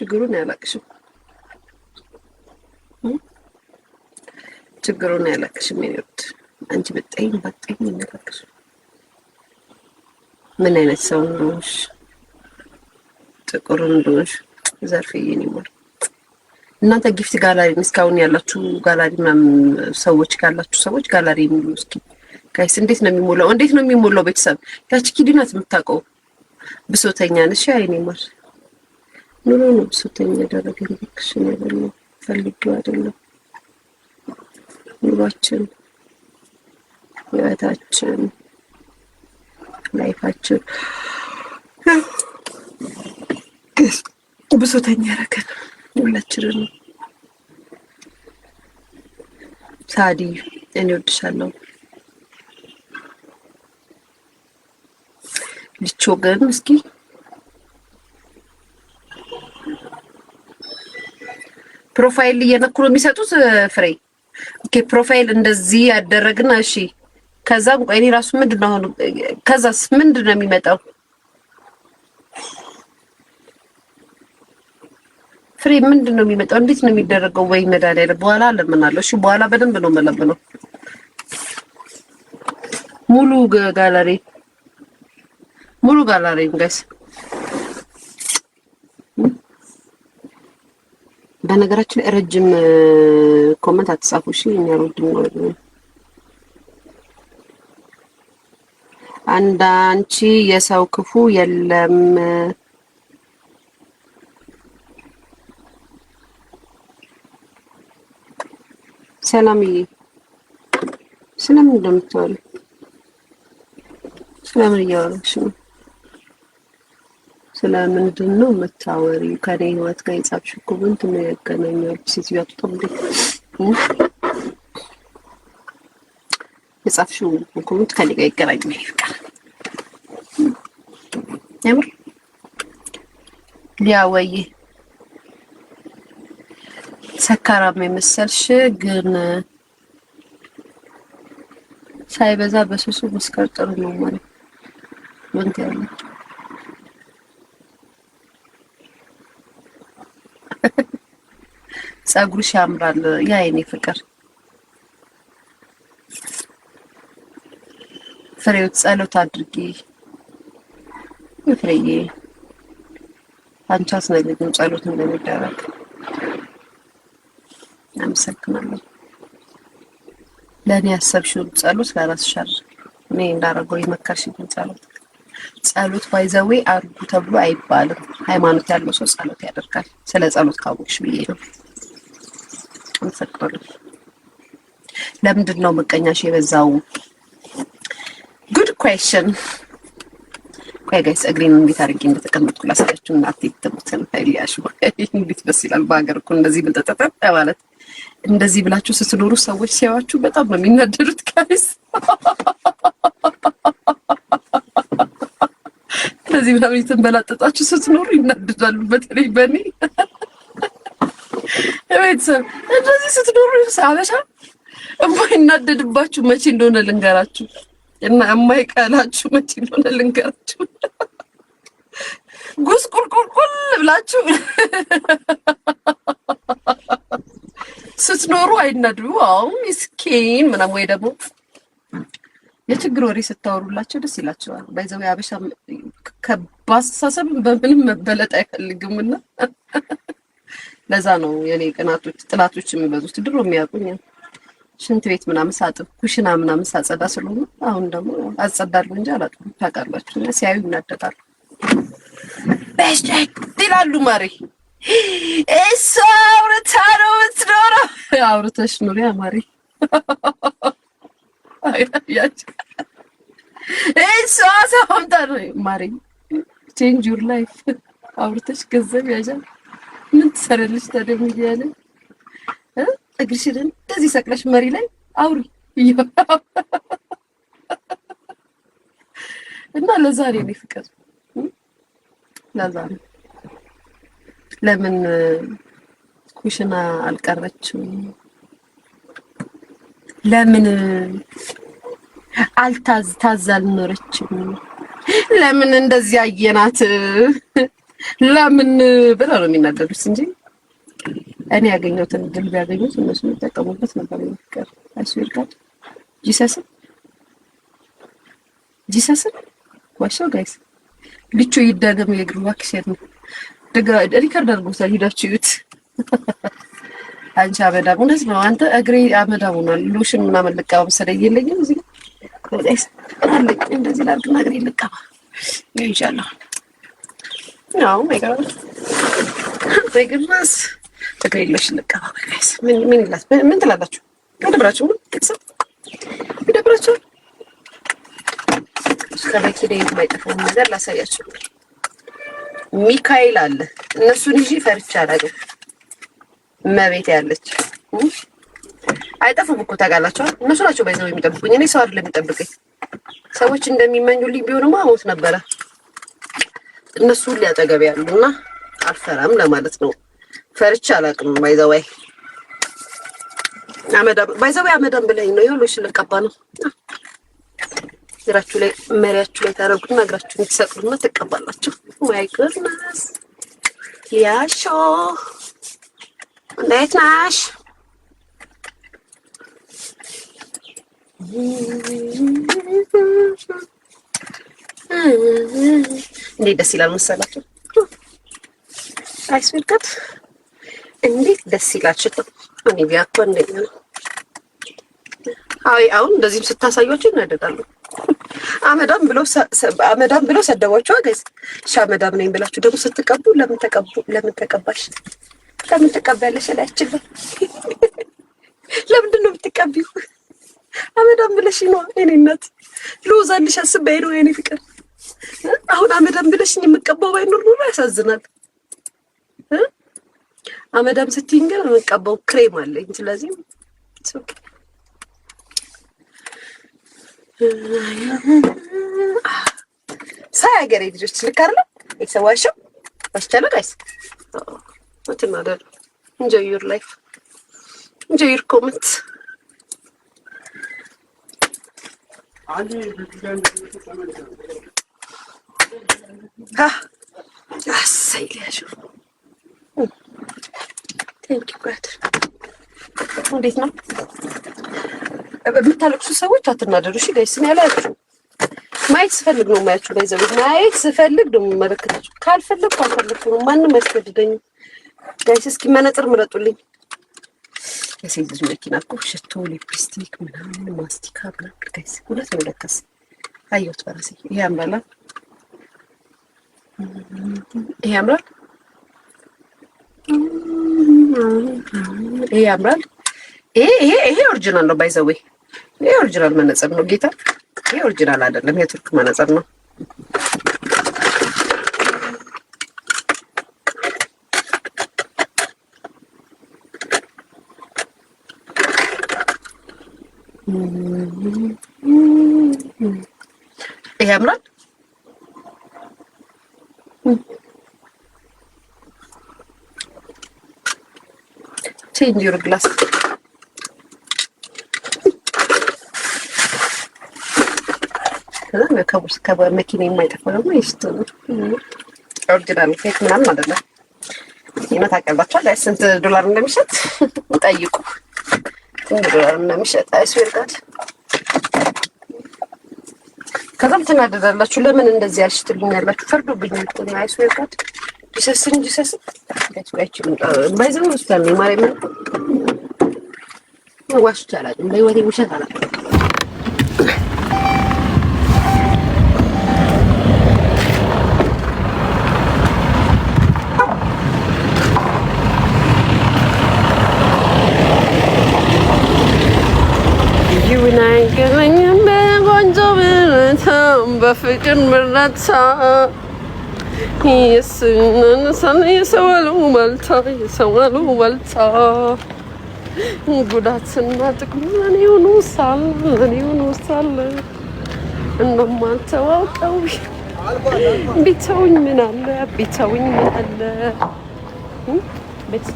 ችግሩን አያላቅሽም። ችግሩን አያላቅሽም። ይወድ አንቺ በጣም በጣም ይነላቅሽ። ምን አይነት ሰው እንደሆንሽ ጥቁር እንደሆንሽ ዘርፍዬ ነው። እናንተ ጊፍት ጋላሪ እስካሁን ያላችሁ ጋላሪ ሰዎች ካላችሁ ሰዎች ጋላሪ የሚሉ እስኪ ጋይስ፣ እንዴት ነው የሚሞላው? እንዴት ነው የሚሞላው? ቤተሰብ ያቺ ኪዲናት የምታውቀው ብሶተኛ ነሽ አይኔ ማር ኑሮ ነው ብሶተኛ ያደረገኝ። እባክሽን የበላው ፈልጌው አይደለም። ኑሯችን፣ ህይወታችን፣ ላይፋችን ብሶተኛ ያደረገን ሁላችንን ነው። ሳዲ እኔ ወድሻለሁ። ልቾ ግን እስኪ ፕሮፋይል እየነኩ የሚሰጡት። ፍሬ ኦኬ፣ ፕሮፋይል እንደዚህ ያደረግና እሺ፣ ከዛ እኔ ራሱ ምንድን ነው አሁን፣ ከዛስ ምንድን ነው የሚመጣው? ፍሬ ምንድን ነው የሚመጣው? እንዴት ነው የሚደረገው? ወይ መድኃኒዓለም በኋላ እለምናለሁ። እሺ፣ በኋላ በደንብ ነው የምለምነው። ሙሉ ጋላሪ ሙሉ ጋላሪ ጋይስ በነገራችን ላይ ረጅም ኮመንት አትጻፉ እሺ። የሚያሮድም ነው። አንዳንቺ የሰው ክፉ የለም ሰላምዬ ስለምን እንደምታወሪ ስለምን እያወራሽ ነው? ስለምንድን ነው መታወሪ ከኔ ህይወት ጋር የጻፍሽው እኮ ምንድን ነው ያገናኘው? ሴትዮዋ አትጠምዴ የጻፍሽው ኮሜንት ከኔ ጋር ይገናኛል። ይፍቃል የምር ሊያወይ ሰካራም የመሰልሽ ግን ሳይበዛ በሱሱ መስከር ጥሩ ነው ማለት ምን ጸጉርሽ ያምራል የኔ ፍቅር። ፍሬው ጸሎት አድርጊ ፍሬዬ። አንቺ አስነግሪኝ ጸሎት እንደሚደረግ። አመሰግናለሁ። ለእኔ ያሰብሽውን ጸሎት ለራስሽ አድርጊ። እኔ እንዳደረገው የመከርሽኝን ጸሎት ጸሎት ባይዘዌ አርጉ ተብሎ አይባልም። ሃይማኖት ያለው ሰው ጸሎት ያደርጋል። ስለ ጸሎት ካወቅሽ ብዬ ነው። የምትፈቅደው? ለምንድን ነው ምቀኛሽ የበዛው? ጉድ ኩዌሽን። ቆይ ጋይስ እግሬን እንዴት አድርጌ እንደተቀመጥኩ ላሳያችሁ። እናቴ ትሙትን ፈልያሽ እንዴት ደስ ይላል። በሀገር እኮ እንደዚህ ብልጠጠጠ ማለት እንደዚህ ብላችሁ ስትኖሩ ሰዎች ሲያዋችሁ በጣም ነው የሚናደዱት። ጋይስ እንደዚህ ብላ በላጠጣችሁ ስትኖሩ ይናደዳሉ። በተለይ በእኔ ቤተሰብ እንደዚህ ስትኖሩ አበሻ የማይናደድባችሁ መቼ እንደሆነ ልንገራችሁ እና የማይቀላችሁ መቼ እንደሆነ ልንገራችሁ። ጉስ ቁልቁልቁል ብላችሁ ስትኖሩ አይናድሩ። አዎ ምስኪን ምናም ወይ ደግሞ የችግር ወሬ ስታወሩላቸው ደስ ይላቸዋል። ባይዘው የአበሻ ከአስተሳሰብ በምንም መበለጥ አይፈልግምና ለዛ ነው የኔ ቅናቶች ጥላቶች የሚበዙት። ድሮ የሚያውቁኝ ሽንት ቤት ምናምን ሳጥብ ኩሽና ምናምን ሳጸዳ ስለሆነ አሁን ደግሞ አጸዳለሁ እንጂ አላጥብም። ታውቃላችሁ እና ሲያዩ ይናደቃሉ። በሽት ይላሉ። ማሬ እሱ አውርታ ነው ምትኖረ አውርተሽ ኑሪያ ማሬ እሷ ሰው ነው ማሬ ቼንጅ ዩር ላይፍ አውርተሽ ገንዘብ ያዣል ምን ትሰሪያለሽ ታዲያ? እያለ እግርሽን እንደዚህ ሰቅለሽ መሪ ላይ አውሪ እና ለዛሬ ነው ፍቅር ለዛሬ ለምን ኩሽና አልቀረችም? ለምን አልታዝ ታዝ አልኖረችም? ለምን እንደዚህ አየናት? ለምን ብለው ነው የሚናደዱት እንጂ እኔ ያገኘሁትን ድል ቢያገኙት እነሱ የሚጠቀሙበት ነበር። ፍቅር አይስዌር ጋድ ጂሰስን ጂሰስን ዋሻው ጋይስ ልቾ ይዳገም የእግር ዋክሴር ነው ደጋ ሪከርድ አድርጎታል። ሂዳችሁ ይዩት። አንቺ አመዳም እውነት ነው አንተ እግሬ አመዳም ሆኗል። ሎሽን ምናምን ልቀባ መሰለኝ የለኝም እዚህ እንደዚህ ላድርግና እግሬ ልቀባ ይሻለሁ የለሽ oh እንቀባበል። ምን ይላት ምን ትላላችሁ? ይደብራችሁ ይደብራችሁ። ነገር ላሳያችሁ። ሚካኤል አለ። እነሱን ይዤ ፈርቻ አላውቅም። መቤት ያለች አይጠፉም እኮ ታውቃላችኋል። እነሱ ናቸው ባይዘው የሚጠብቁኝ። እኔ ሰው አይደለም የሚጠብቀኝ። ሰዎች እንደሚመኙልኝ ቢሆንማ ሞት ነበረ። እነሱ ሁሌ አጠገብ ያሉና አልፈራም ለማለት ነው። ፈርቼ አላውቅም። ባይዘዋይ አመዳም ባይዘዋይ አመዳም ብለኝ ነው የሁሉ ልቀባ ነው። እግራችሁ ላይ መሪያችሁ ላይ ታደርጉና እግራችሁን ትሰቅሉና ትቀባላችሁ። ማይ oh ጉድነስ ሊያሾ እንዴት ናሽ? እንዴት ደስ ይላል መሰላችሁ? አይስሚልከት እንዴት ደስ ይላችሁ? እኔ ቢያኮ እንደኛ ነው። አይ አሁን እንደዚህም ስታሳዩአቸው እናደዳሉ። አመዳም ብሎ አመዳም ብሎ ሰደቧቸው። ጋይስ ሻመዳም ነኝ ብላችሁ ደግሞ ስትቀቡ ለምን ተቀቡ? ለምን ተቀባሽ? ለምን ተቀበለሽ? ላያችል ለምንድን ነው የምትቀቢው? አመዳም ብለሽ ነው። እኔ እናት ልውዛልሽ አስበይ ነው የኔ ፍቅር አሁን አመዳም ብለሽኝ የምቀባው ባይኖር ኖሮ ያሳዝናል። አመዳም ስትይኝ ግን የምቀባው ክሬም አለኝ። ስለዚህ ሳይ ሀገሬ ልጆች ልክ አይደለ? የተሰዋሽው አስቻለ ጋይስ ወትናደሉ ኢንጆይ ዩር ላይፍ እንጆይ ዩር ኮመንት አንዴ እንዴት ነው የምታለቅሱ ሰዎች አትናደዱ። እሺ ጋይስ እኔ ማየት ስፈልግ ነው ማያችሁ። ባይዘው ማየት ስፈልግ ደግሞ የምመለከታችሁ ካልፈለግኩ አልፈለግኩ ነው። ማንም አያስገድደኝም። ጋይስ እስኪ መነጽር ምረጡልኝ። የሴት ልጅ መኪና እኮ ሽቶ፣ ሊፕስቲክ ምናምን ማስቲካ ብላ ጋይስ ሁለት መለከስ አየሁት በራሴ ይሄ አንበላ ይሄ ያምራል፣ ይሄ ያምራል። ይሄ ይሄ ይሄ ኦሪጂናል ነው። ባይዘዌ ይሄ ኦሪጂናል መነጽር ነው ጌታ። ይሄ ኦሪጂናል አይደለም፣ የቱርክ መነጽር ነው። ይሄ ያምራል። ቴን ዩር ግላስ ከዛ ከቦርስ ከመኪና የማይጠፋ ደግሞ ይስቱ ኦሪጂናል ፌክ ምናምን አይደለም። ይመት አቀርባቸዋል። አይ ስንት ዶላር እንደሚሸጥ ጠይቁ። ስንት ዶላር እንደሚሸጥ አይ ስዌር ጋድ። ከዛም ትናደዳላችሁ። ለምን እንደዚህ አልሽትልኝ ያላችሁ ፈርዱብኝ። አይ ስዌር ጋድ ጅሰስን እንጂ ሰስ ጋጭጋጭም ባይዘው ሆስፒታል ነው ማለት ነው። ዋሽቼ አላውቅም፣ በህይወቴ ውሸት አላውቅም። ይሁን አይገመኝም በቆንጆ ብረታ በፍቅር ብረታ የሰዋሉ ማልታ የሰዋሉ ማልታ ጉዳትና ጥቅሙ ለኔ ሆኖ ሳለ ለኔ ሆኖ ሳለ እንደማልተዋውቀው ቢተውኝ ምን አለ ቢተውኝ ምን አለ ቤት